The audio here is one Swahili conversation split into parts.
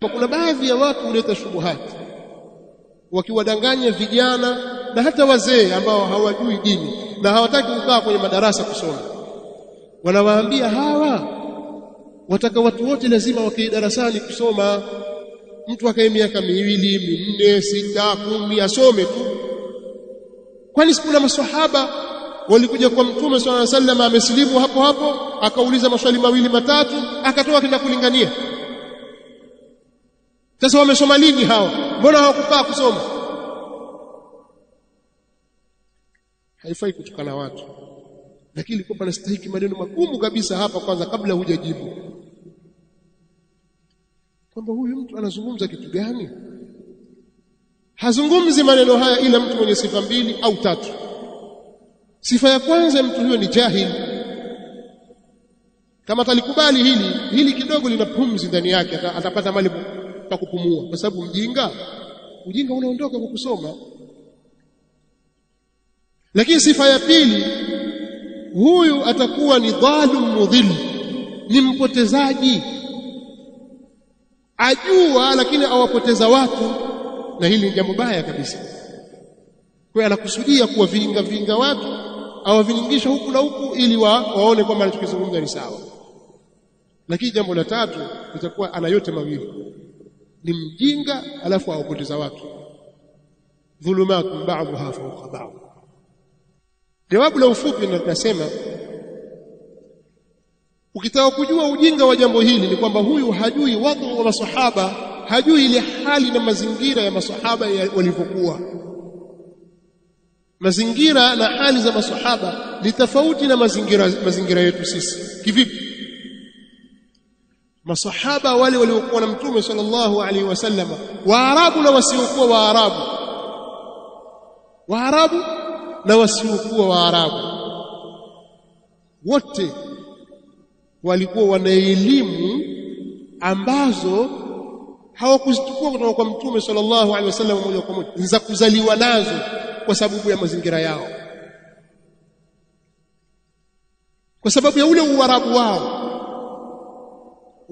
kwa kuna baadhi ya watu huleta shubuhati wakiwadanganya vijana na hata wazee ambao hawajui dini na hawataki kukaa kwenye madarasa kusoma. Wanawaambia hawa wataka watu wote lazima wakae darasani kusoma, mtu akae miaka miwili minne sita kumi asome tu. Kwani sikuna maswahaba walikuja kwa Mtume sallallahu alaihi wasallam amesilimu hapo hapo, akauliza maswali mawili matatu, akatoka kenda kulingania sasa wamesoma nini hawa? Mbona hawakufaa kusoma? Haifai kutukana watu, lakini ilikuwa panastahiki maneno magumu kabisa hapa kwanza, kabla hujajibu kwamba huyu mtu anazungumza kitu gani. Hazungumzi maneno haya ila mtu mwenye sifa mbili au tatu. Sifa ya kwanza, mtu huyo ni jahili. Kama atalikubali hili hili, kidogo lina pumzi ndani yake, atapata mali pa kupumua, kwa sababu mjinga, ujinga unaondoka kwa kusoma. Lakini sifa ya pili, huyu atakuwa ni dhalum mudhil, ni mpotezaji, ajua lakini awapoteza watu, na hili ni jambo baya kabisa. Kwa hiyo anakusudia kuwa vinga vinga watu awaviningisha huku na huku, ili wa, waone kwamba anachokizungumza ni sawa. Lakini jambo la tatu litakuwa ana yote mawili ni mjinga alafu awapoteza watu dhulumatun ba'dha fawqa baadhi jawabu la ufupi tunasema ukitaka kujua ujinga wa jambo hili ni kwamba huyu hajui wadhu wa masahaba hajui ile hali na mazingira ya masahaba walivyokuwa mazingira na hali za masahaba ni tofauti na mazingira mazingira yetu sisi kivipi masahaba wale waliokuwa na mtume sallallahu alaihi wasallam waarabu na wasiokuwa waarabu waarabu na wasiokuwa waarabu wote walikuwa wana elimu ambazo hawakuzichukua kutoka kwa mtume sallallahu alaihi wasallam moja kwa moja za kuzaliwa nazo kwa sababu ya mazingira yao kwa sababu ya ule uarabu wao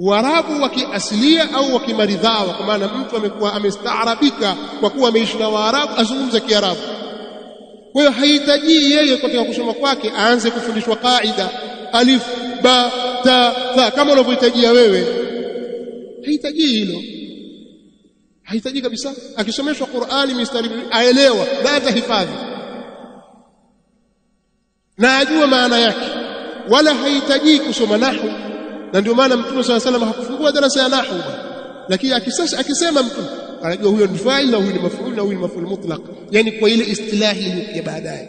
Uarabu wa kiasilia au wa kimaridhawa, kwa maana mtu amekuwa amestaarabika kwa kuwa ameishi na Waarabu, azungumza Kiarabu. Kwa hiyo haihitaji yeye katika kusoma kwake aanze kufundishwa kaida alif ba ta tha kama unavyohitajia wewe, haihitaji hilo, haihitaji kabisa. Akisomeshwa Qur'ani mistari aelewa na atahifadhi na ajue maana yake, wala haihitaji kusoma nahwu na ndio maana mtume swalla salam hakufungua darasa ya nahwu lakini akisasa akisema mtu anajua huyo ni fa'il na huyu ni maf'ul na huyu ni maf'ul mutlaq yani kwa ile istilahi iliyokuja baadaye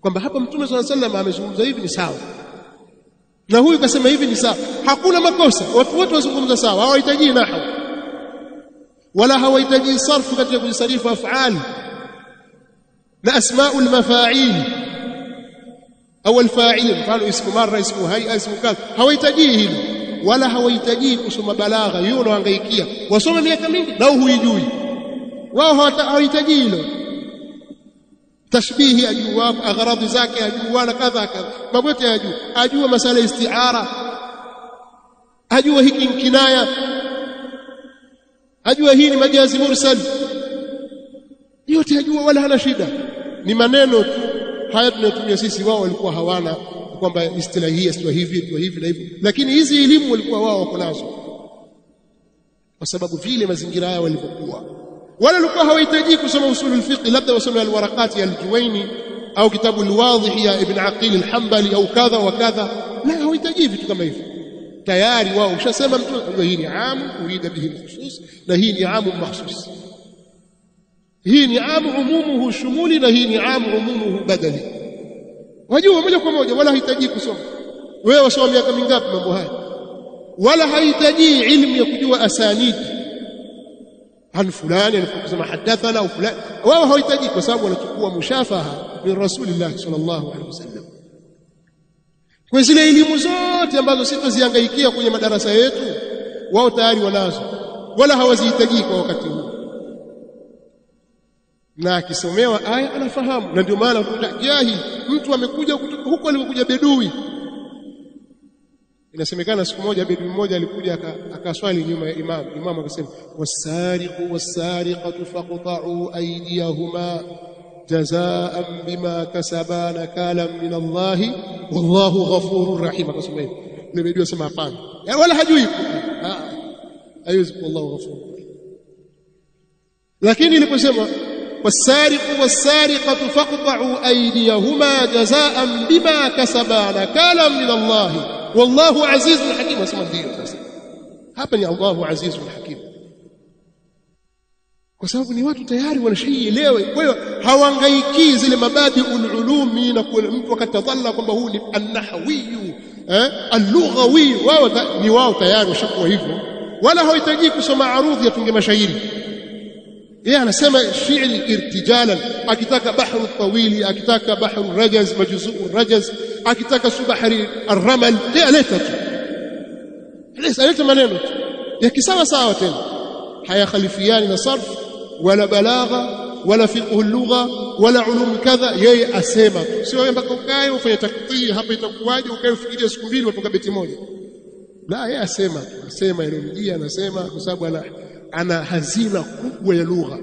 kwamba hapa mtume swalla salam amezungumza hivi ni sawa na huyu kasema hivi ni sawa hakuna makosa watu wote wazungumza sawa hawahitaji nahwu wala hawahitaji sarfu katika kujisarifu afali na asma'ul mafa'il أو الفاعل قالوا اسم مرة اسم هيئة اسم كذا هو يتجيه ولا هو يتجيه كسم بلاغة يونو أنغيكيا وصوم مئة مئة لو هو يجوي وهو هو يتجيه له تشبيه أجوا أغراض ذاك أجوا كذا كذا ما بيت أجوا أجوا مسألة استعارة أجوا هيك كناية أجوا هي مجاز مرسل يوتي أجوا ولا هنا شدة لمن نوتو haya tunayotumia sisi, wao walikuwa hawana, kwamba istilahi hii istilahi hivi istilahi hivi na hivi, lakini hizi elimu walikuwa wao wako nazo, kwa sababu vile mazingira haya walivyokuwa. Wala walikuwa hawahitaji kusoma usulul fiqh, labda wasome alwarakati ya Aljuwaini au kitabu alwadhihi ya Ibn Aqil Alhambali au kadha wa kadha, la, hawahitaji vitu kama hivyo tayari wao ushasema mtu hii ni amu urida bihi alkhusus na hii ni amu makhsus hii ni amu umumuhu shumuli na hii ni amu umumuhu badali. Wajua moja kwa moja, wala hahitaji kusoma wewe, wasoma miaka mingapi mambo haya, wala hahitaji ilmu ya kujua asanidi an fulani kusema hadathana au fulani, wao hawahitaji kwa sababu wanachukua mushafaha min rasulillahi sallallahu alaihi wasallam. Kwa zile elimu zote ambazo sitaziangaikia kwenye madarasa yetu, wao tayari wanazo, wala hawazihitaji kwa wakati huu na akisomewa aya anafahamu. Na ndio maana ukuta jahi mtu amekuja kutoka huko alikokuja bedui. Inasemekana siku moja bedui mmoja alikuja akaswali nyuma ya imamu, imamu akasema, wasariqu wasariqatu faqta'u aydiyahuma jazaan bima kasaba nakalan min Allahi wallahu ghafurur rahim. Akasema hivyo na bedui asema hapana, eh, wala hajui ah, ah, haiwezi, wallahu ghafurur Lakini iliposema والسارق والسارقة فاقطعوا أيديهما جزاء بما كسبا نكالا من الله والله عزيز حكيم اسمع ndiyo sasa hapa ni Allahu azizun hakim kwa sababu ni watu tayari wanashaielewa kwa hiyo hawangaiki zile mabadi ululumi na mtu akatadhalla kwamba huu ni annahawiyu eh alughawi wao ni wao tayari washakuwa hivyo wala hawahitaji kusoma arudhi yatunge mashairi yeye anasema shi'ri irtijalan akitaka bahru tawili akitaka bahru rajaz majzuu rajaz akitaka subahari arramal yeye aleta tu aleta aleta maneno tu ya kisawa sawa tena hayakhalifiani na sarf wala balagha wala fiqh lugha wala ulum kadha yeye asema tu sio mpaka ukae ufanye taktii hapa itakuwaje ukae ufikirie siku mbili watoka beti moja la yeye asema tu asema ilomjia anasema kwa sababu ana ana hazina kubwa ya lugha,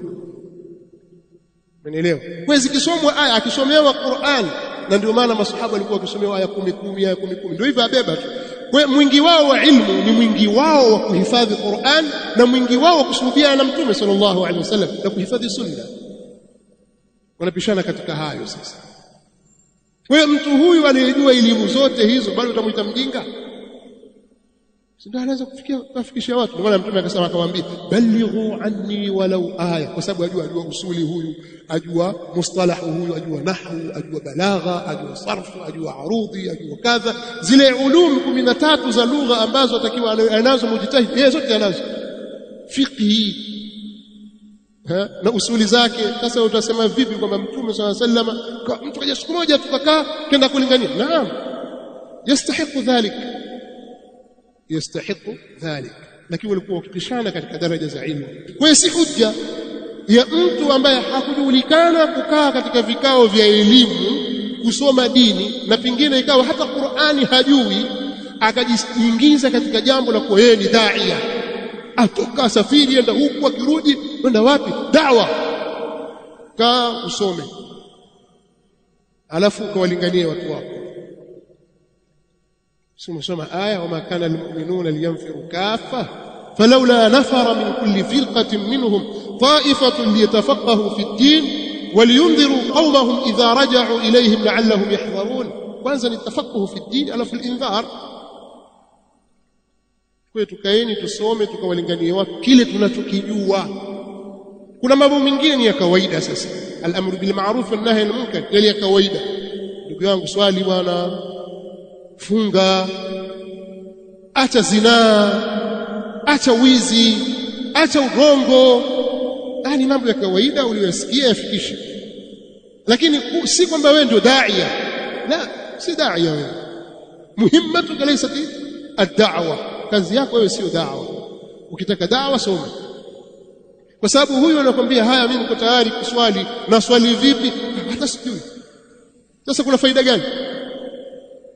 umeelewa? Kwa zikisomwa aya, akisomewa Qur'an, na ndio maana masahaba walikuwa wakisomewa aya kumi kumi, aya kumi kumi, ndio hivyo abeba tu. Kwa mwingi wao wa ilmu ni mwingi wao wa kuhifadhi Qur'an na mwingi wao wa kusuhubiana na Mtume sallallahu alaihi wasallam na kuhifadhi sunna, wanapishana katika hayo. Sasa kwa mtu huyu aliyejua elimu zote hizo bado utamwita mjinga? ndio anaweza kufikia kufikishia watu. Ndio maana Mtume akasema akamwambia, balighu anni walau aya, kwa sababu ajua ajua usuli huyu, ajua mustalahu huyu, ajua nahwu, ajua balagha, ajua sarfu, ajua arudhi, ajua kadha, zile ulum kumi na tatu za lugha ambazo atakiwa anazo mujtahid, yeye zote anazo, fiqhi na usuli zake. Sasa utasema vipi kwamba Mtume sallallahu alayhi mtu kaja siku moja tukakaa kenda kulingania? Naam, yastahiqu dhalik yastahiqu dhalik, lakini walikuwa wakipishana katika daraja za ilmu. Kwa hiyo si hujja ya mtu ambaye hakujulikana kukaa katika vikao vya elimu kusoma dini na pengine ikawa hata Qur'ani hajui, akajiingiza katika jambo la kuwa yeye ni daia, atoka asafiri enda huku, akirudi enda wapi, dawa. Kaa usome, alafu ukawalingania watu wako سمسمة آية وما كان المؤمنون لينفروا كافة فلولا نفر من كل فرقة منهم طائفة ليتفقهوا في الدين ولينذروا قومهم إذا رجعوا إليهم لعلهم يحذرون وانزل التفقه في الدين ألا في الإنذار tukaeni tusome tukawalinganiwa kile tunachokijua kuna mambo mengine ما ya kawaida sasa alamru الأمر بالمعروف lmunkar yali ya kawaida ndugu yangu swali bwana funga, acha zinaa, acha wizi, acha urongo. Yani ah, mambo ya kawaida uliyosikia yafikishe, lakini si kwamba wewe ndio daia. La, si daia wewe. Muhimmatuka laysat ad-da'wa, kazi yako wewe sio da'wa. Ukitaka da'wa soma, kwa sababu huyu anakwambia haya, mimi niko tayari kuswali, na swali vipi? Hata sijui. Sasa kuna faida gani?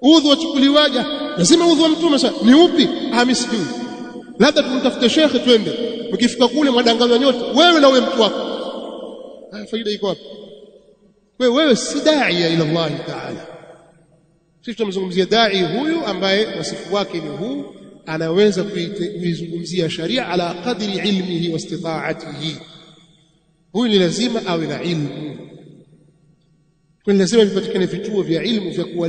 udhu wachukuliwaja lazima udhu wa mtume sasa ni upi hamisijui ah, labda tumtafute shekhe twende mkifika kule mwadanganywa nyote wewe na uwe mtu wako ah, faida iko wapi wewe wewe si daia ila Allah taala sisi tunamzungumzia dai huyu ambaye wasifu wake ni huu anaweza kuizungumzia sharia ala qadri ilmihi wa istitaatihi huyu ni lazima awe na ilmu kwa lazima vipatikane vituo vya ilmu vya kuwa